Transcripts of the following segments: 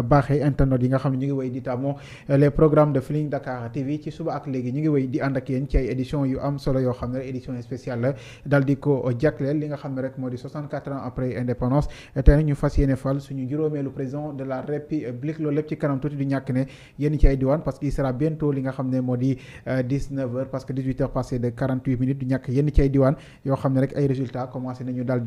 baaxee internet yi nga xam ne ñu ngi wéy di tàmmu euh, les programmes de Feeling Dakar TV ci suba ak léegi ñu ngi wéy di ànd ci ay édition yu am solo yoo xam ne édition spéciale ans après indépendance tey nag ñu fas yéene de la république loolu lépp ci kanam tuuti du ñàkk ne yéen ci ay diwaan parce que il sera bientôt li nga xam ne moo di 19 euh, parce que 18 passé de minutes du ñàkk yéen ci ay diwaan yoo xam ne rek ay résultats commencé nañu dal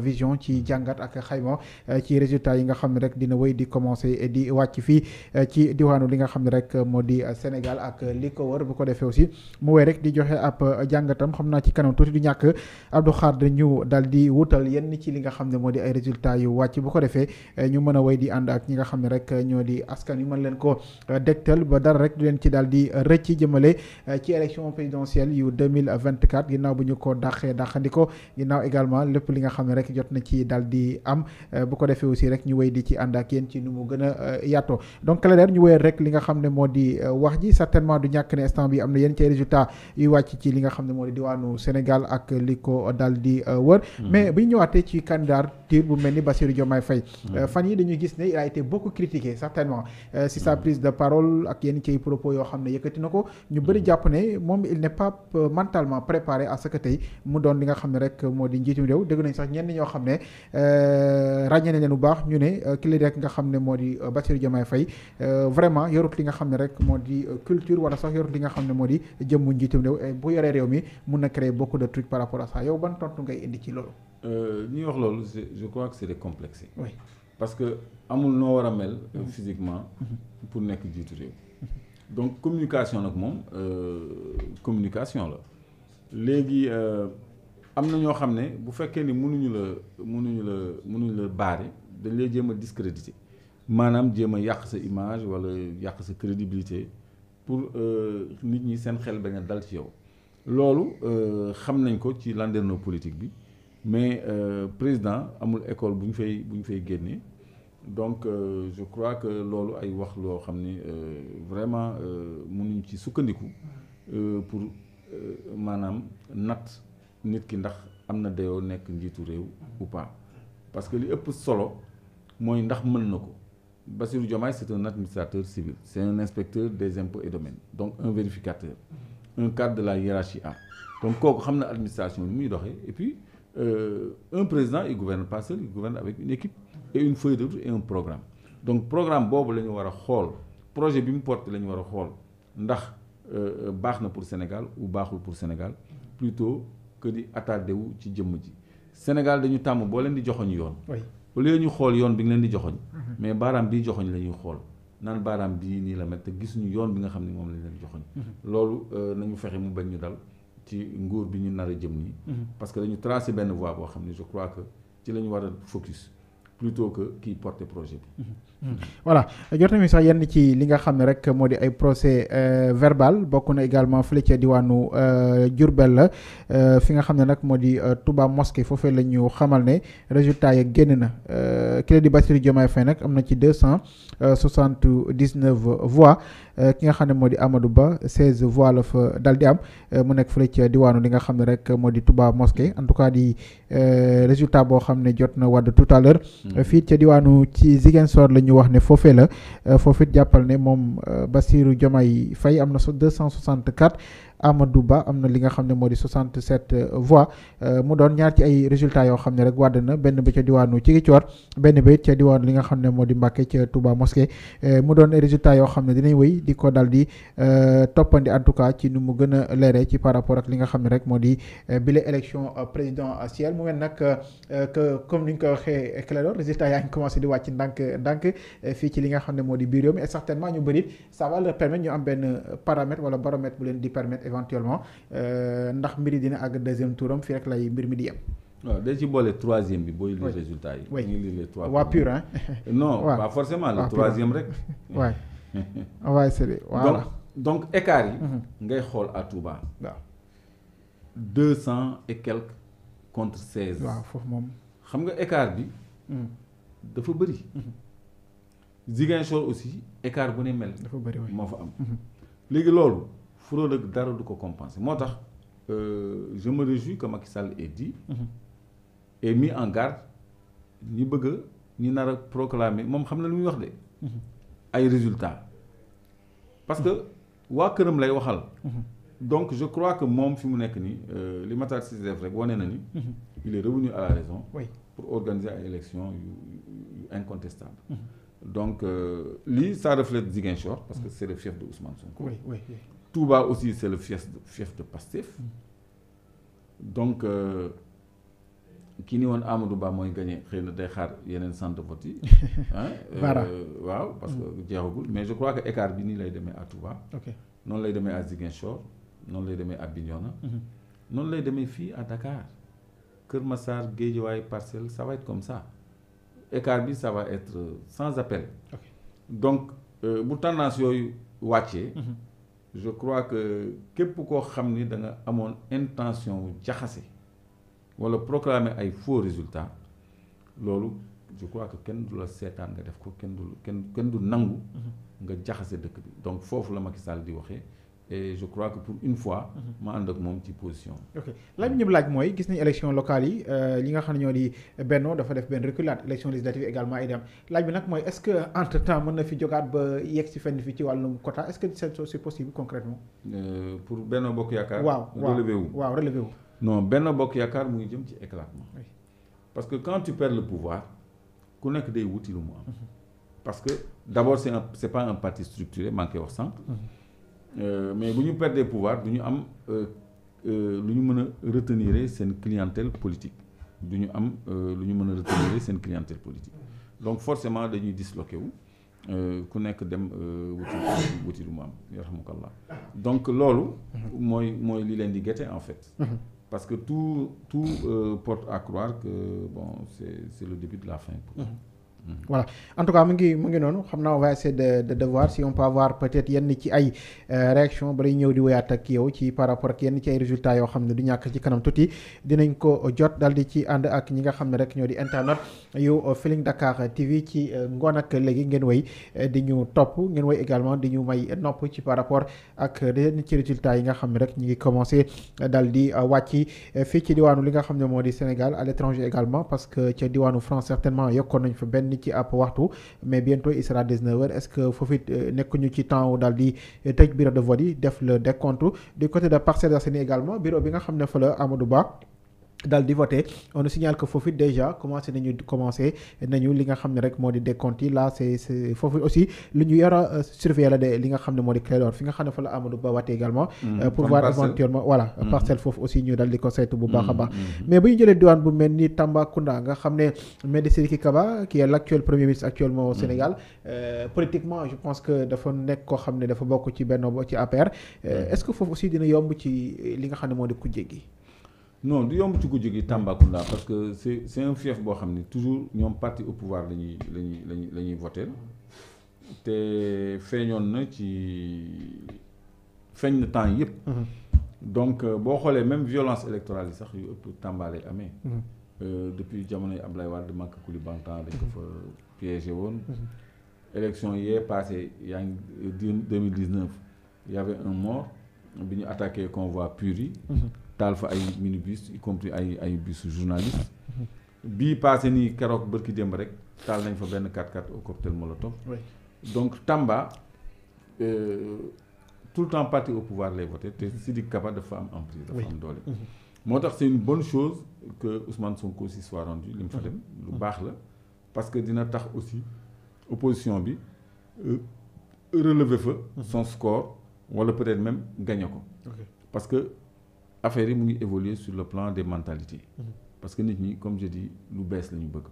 vision ci jàngat ak xayma eh, ci résultat yi nga xam ne rek dina wéy di commencé eh, di wàcc fii eh, ci diwaanu li nga xam ne rek moo di Sénégal ak li ko wër bu ko defee aussi mu wéy rek di joxe ab jàngatam xam naa ci kanam tuuti du ñàkk Abdou Khadre ñu dal di wutal yenn ci li nga xam ne moo di ay yu wàcc bu ko defee ñu a wéy di ànd ak ñi nga xam ne rek ñoo di askan wi mën leen ko dégtal ba dara rek du leen ci dal di rëcc jëmale ci élection présidentielle yu 2024 ginnaaw bu ñu ko dàqee dàqandiko ginnaaw également lépp li nga xam ne rek rek jot na ci dal di am euh, bu ko defee aussi rek ñu wéy di ci ànd ak yéen ci nu mu gën a euh, donc Clédor ñu wéyal rek li nga xam ne moo di euh, wax ji certainement du ñàkk ne instant bi am na yenn ci résultat yuy wàcc ci li nga xam ne moo di diwaanu Sénégal ak li ko dal di wër mm-hmm. mais bu ñu ñëwaatee ci candidature bu mel ni Bassirou Diomaye Faye mm-hmm. fan yi dañuy gis ne il a été beaucoup critiqué certainement si sa mm-hmm. prise de parole ak yenn ci propos yoo xam ne yëkkati na ko ñu bëri jàpp ne moom il n'est pas mentalement ñoo xam ne euh, ràññee ne leen bu baax ñu ne euh, ki li rek nga xam ne moo di euh, Bassirou Diomaye Faye vraiment yorut li nga xam ne rek moo di culture wala sax yorut li nga xam ne moo di jëmmu njiitum réew bu yoree réew mi mun na créer beaucoup de trucs par rapport à ça yow ban tontu ngay indi ci loolu. wax loolu je crois que c'est décomplexé. parce que amul noo war a mel. Mm-hmm. physiquement mm-hmm. pour nekk jiitu réew. Mm-hmm. donc communication nag moom communication la léegi. am na ñoo xam ne bu fekkee ni munuñu la mënuñu la mënuñu la baare dañ lay jéem a discrédité maanaam jéem a yàq sa image wala yàq sa crédibilité pour euh, nit ñi seen xel bañ a dal ci yow loolu euh, xam nañ ko ci landerneau politique bi mais euh, président amul école bu ñu fay bu ñu fay génnee donc euh, je crois que loolu ay wax loo xam ne euh, vraiment mënuñ ci sukkandiku pour maanaam natt nit ki ndax am na dayoo nekk njiitu réew ou pas parce que li ëpp solo mooy ndax mën na ko Bassirou Diomaye c'est un administrateur civil c'est un inspecteur des impôts et domaines donc un vérificateur un cadre de la hiérarchie A donc kooku xam na administration bi muy doxee et puis euh, un président il gouverne pas seul il gouverne avec une équipe et une feuille et un programme donc programme boobu la ñu war a xool projet bi mu porté la ñu war a xool ndax euh, baax na pour Sénégal ou baaxul pour Sénégal que di attardé wu ci jëmm ji Sénégal dañu tàmm boo leen di joxoñ yoon au lieu ñu xool yoon bi nga leen di joxoñ mhm. mais baaraam bii joxoñ la xool naan baaraam bii nii la mel te gisuñu yoon bi nga xam ne moom lañ joxoñ mhm. loolu euh, nañu fexe mu bañ ñu dal ci nguur bi ñu nar a jëm nii mhm. parce que dañu tracé benn voie boo xam ne je crois que ci la war a focus plutôt que kii porter projet bi Hmm. voilà jot nañu sax yenn ci li nga xam ne rek moo di ay procès euh, verbal bokk na également fële ca diwaanu euh, Diourbel la euh, fi nga xam ne nag moo di tubaab mosquée foofee la ñu xamal ne résultat ya génn na kii di Bassirou Diomaye Faye nag am na ci deux cent soixante dix neuf voix ki nga xam ne moo di amadu Ba seize voix la fa dal di am mu nekk fële ca diwaanu li nga xam ne rek moo di Touba mosquée en tout cas di résultat boo xam ne jot na wàdd tout à l'heure hmm. fii ca diwaanu ci Ziguinchor lañu ñu wax ne foofee la euh, foofit jàppal ne moom euh, Bassirou Diomaye Faye am na so 264 Amadou Ba am na li nga xam ne moo di 67 euh, voix euh, mu doon ñaar ci ay résultats yoo xam ne rek wàdd na benn ba ca diwaanu Ziguinchor benn ba ca diwaanu li nga xam ne moo di Mbàkke ca Touba Mosquée euh, mu doon résultat yoo xam ne dinañ wéy di ko daal di toppandi en tout cas ci nu mu gën a leeree ci par rapport ak li nga xam ne rek moo di bile élection présidentielle mu mel nag que ni ñu ko waxee Clédor résultats yaa ngi commencé di wàcc ndànk ndànk fii ci li nga xam ne moo di biir réew mi et certainement ñu bëri ça va leur permettre ñu am benn paramètre wala baromètre bu leen di permettre éventuellement euh, ndax mbiri dina àgg deuxième touram fii rek lay mbir mi di yem. waaw dañ ci boole troisième bi booy lire résultat yi. oui lire les trois waa pur hein. non pas forcément le troisième rek. waay waay c'est voilà donc écart yi. Mhm. ngay xool à Touba. waaw deux cent et quelques contre seize. waaw foofu moom. xam nga écart bi. Mhm. dafa bëri. Mhm. Ziguinchor aussi écart bu ne mel. dafa bëri moo fa am. léegi loolu. fraude ak dara du ko compenser moo tax euh, je me réjouis que Macky Sall ait dit mhm. et mis en garde ñi bëgg a ñi nar a proclamer moom xam na lu muy wax de mhm. ay résultats parce que waa këram lay waxal mhm. donc je crois que moom fi mu nekk nii euh, li Matar Cissé def rek wane na ni il est revenu à la raison pour organiser ay élection yu incontestable donc euh, lii euh, ça Ziguinchor parce que c'est le fief de Ousmane Sonko oui, Touba aussi c'est le fief fief de Pastef donc euh, ki ni woon amadu Ba mooy gagné xëy na day xaar yeneen sant vote yi. Euh, waaw parce que jeexagul mais je crois que écart bi ni lay demee à Touba. ok noonu lay demee à Ziguinchor noonu lay demee à Bignona. Mhm. noonu lay demee fii à Dakar Kër Massar Guédiawaye Parcelles ça va être comme ça écart bi ça va être sans appel. donc euh, bu tendance yooyu wàccee. Mhm. je crois que képp koo xam ni da amoon intention wu jaxase wala proclamer ay faux résultat loolu je crois que kenn du la seetaan nga def ko kenn du kenn kenn du nangu mhm. nga jaxase dëkk bi donc foofu la Macky Sall di waxee et je crois que pour une fois. Mhm. ma ànd ak moom ci position ok laaj bi ñu laaj mooy gis nañu élection locale yi li euh, nga xam ne ñoo di Benno dafa def benn reculade élection législative également ay dem laaj bi nag mooy est-ce que entre temps mën na fi jogaat ba yegg si fenn fi ci wàllum quota est-ce que c'est possible concrètement. Euh, pour Benno Bokk Yaakaar. waaw waaw wu waaw relevé wu. non Benno Bokk Yaakaar mu ngi jëm ci éclatement. parce que quand tu perds le pouvoir ku nekk day wuti lu mu am. Mhm. que d'abord c'est un parti structuré maa ngi koy wax sànq. Mhm. Euh, mais bu ñu perdre pouvoir du ñu am euh, euh, lu ñu mën a retenir seen clientèle politique du ñu am lu ñu mën a retenir seen clientèle politique donc forcément dañuy disloqué wu ku nekk dem wuti wuti lu mu am yarhamukallah donc loolu mooy mooy li leen di gete en fait parce que tout tout porte à croire que bon c'est le début la fin pour voilà en tout cas mu ngi mu ngi noonu xam naa on va essayer de de de voir si on peut avoir yenn ci ay euh, réaction balay ñëw di wéyaat ak yow ci par rapport ak yenn ci ay résultats yoo xam ne du ñàkk ci kanam tuuti dinañ ko jot dal di ci ànd ak ñi nga xam ne rek ñoo di internet yu Feeling Dakar TV ci euh, ngoon ak léegi ngeen way euh, di ñu topp ngeen way également di ñu may nopp ci par rapport ak yenn ci résultats yi nga xam ne rek ñu ngi commencé dal di wàcc fii ci diwaanu li nga xam ne moo di Sénégal à l'étranger également parce que ca diwaanu France certainement yokkoon benn ci app waxtu mais bientôt il sera 19h est-ce que foofu it euh, nekkuñu ci temps daal di euh, tëj bureau de vote def le décompte du côté de Parcelles Assainies également bureau bi nga xam ne fa la du baax daal di voté on nous signale que foofu déjà commencé nañu commencé nañu li nga xam ne rek moo di décompte yi là c'est foofu aussi lu ñu yor a euh, surveiller la de li nga xam ne moo di Clédor fi nga xam ne fa la Amadou Ba waatee également mm. euh, pour voir éventuellement voilà mm. parcelle foofu aussi ñu daal di ko saytu bu baax a mm. baax mais jëlee diwaan bu mel ni Tambacounda nga xam ne Mady Sidiki Kaba qui est l'actuel premier ministre actuellement au Sénégal euh, politiquement je pense que dafa nekk koo xam ne dafa bokk ci benn ci APR est-ce que foofu aussi dina yomb ci li nga xam ne moo di kujje gi non du yomb ci guddi gi Tambacounda parce que c' est c' un fief boo xam ni toujours ñoom parti au pouvoir la ñuy la ñuy la ñuy la ñuy voté te feeñoon na ci feeñ na temps yëpp. Mhm. donc euh, boo xoolee même violence électorale yi sax yu ëpp Tamba lay amee. Mhm. Euh, depuis jamonoy Ablaye Wade Maka Koulibantang dañ ko mhm. fa piégé woon. élection yee passé yaa ngi euh, deux mille dix neuf y' avait un mort bi ñu attaqué convoi pur yi. taal fa ay minibus y compris ay ay bus journaliste bii passé nii keroog ki démb rek taal nañ fa benn 4-4 au cocktail donc Tamba euh, tout le temps parti au pouvoir lay voté te Sidiki Kaba dafa mhm. moo tax c'est une bonne chose que Ousmane Sonko s'y li mu fa dem mhm. lu mhm. baax la parce que dina tax aussi opposition bi euh, relever fa son score wala peut-être même gagné ko parce que affaire yi mu ngi évoluer sur le plan des mentalités. parce que nit ñi comme je dis lu bees la ñu bëgg.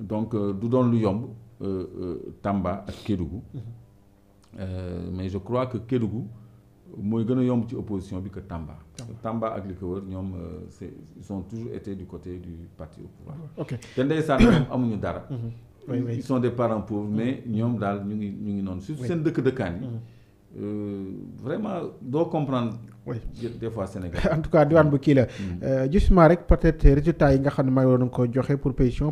donc euh, du doon lu yomb euh, euh, Tamba ak Kédougou. mais je crois que Kédougou mooy gën a yomb ci opposition bi que Tamba. Tamba ak li ñoom c' est ils ont toujours été du côté du parti au pouvoir. ok te ndeysaan ñoom amuñu dara. Mm-hmm. ils sont des parents pauvres mm-hmm. mais ñoom daal ñu ngi ñu ngi noonu. surtout seen dëkk dëkkaan yi. Mm-hmm. Euh, vraiment doo comprendre. oui des fois Sénégal. en tout cas diwaan bu kii la. Mm. Euh, justement rek peut-être résultats yi nga xam ne maa ngi doon ko joxe pour pétition.